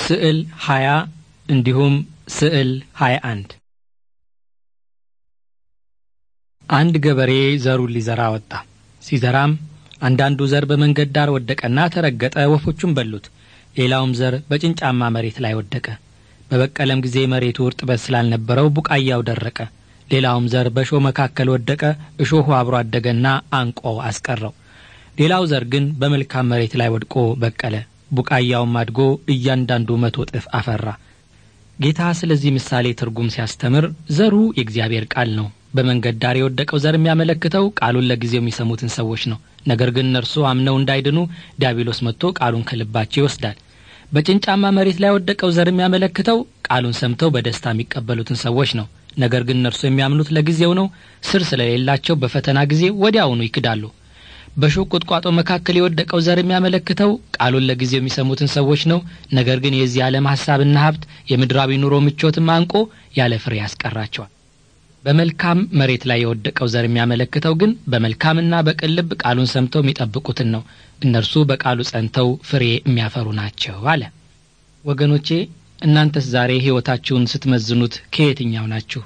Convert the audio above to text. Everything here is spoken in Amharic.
ስዕል 20 እንዲሁም ስዕል 21 አንድ ገበሬ ዘሩን ሊዘራ ወጣ። ሲዘራም አንዳንዱ ዘር በመንገድ ዳር ወደቀና ተረገጠ፣ ወፎቹም በሉት። ሌላውም ዘር በጭንጫማ መሬት ላይ ወደቀ። በበቀለም ጊዜ መሬቱ እርጥበት ስላልነበረው ቡቃያው ደረቀ። ሌላውም ዘር በእሾህ መካከል ወደቀ፣ እሾሁ አብሮ አደገና አንቆ አስቀረው። ሌላው ዘር ግን በመልካም መሬት ላይ ወድቆ በቀለ። ቡቃያውም አድጎ እያንዳንዱ መቶ ጥፍ አፈራ። ጌታ ስለዚህ ምሳሌ ትርጉም ሲያስተምር ዘሩ የእግዚአብሔር ቃል ነው። በመንገድ ዳር የወደቀው ዘር የሚያመለክተው ቃሉን ለጊዜው የሚሰሙትን ሰዎች ነው። ነገር ግን እነርሱ አምነው እንዳይድኑ ዲያብሎስ መጥቶ ቃሉን ከልባቸው ይወስዳል። በጭንጫማ መሬት ላይ የወደቀው ዘር የሚያመለክተው ቃሉን ሰምተው በደስታ የሚቀበሉትን ሰዎች ነው። ነገር ግን እነርሱ የሚያምኑት ለጊዜው ነው። ስር ስለሌላቸው በፈተና ጊዜ ወዲያውኑ ይክዳሉ። በሾህ ቁጥቋጦ መካከል የወደቀው ዘር የሚያመለክተው ቃሉን ለጊዜው የሚሰሙትን ሰዎች ነው። ነገር ግን የዚህ ዓለም ሐሳብና ሀብት የምድራዊ ኑሮ ምቾትም አንቆ ያለ ፍሬ ያስቀራቸዋል። በመልካም መሬት ላይ የወደቀው ዘር የሚያመለክተው ግን በመልካምና በቅን ልብ ቃሉን ሰምተው የሚጠብቁትን ነው። እነርሱ በቃሉ ጸንተው ፍሬ የሚያፈሩ ናቸው አለ። ወገኖቼ እናንተስ ዛሬ ሕይወታችሁን ስትመዝኑት ከየትኛው ናችሁ?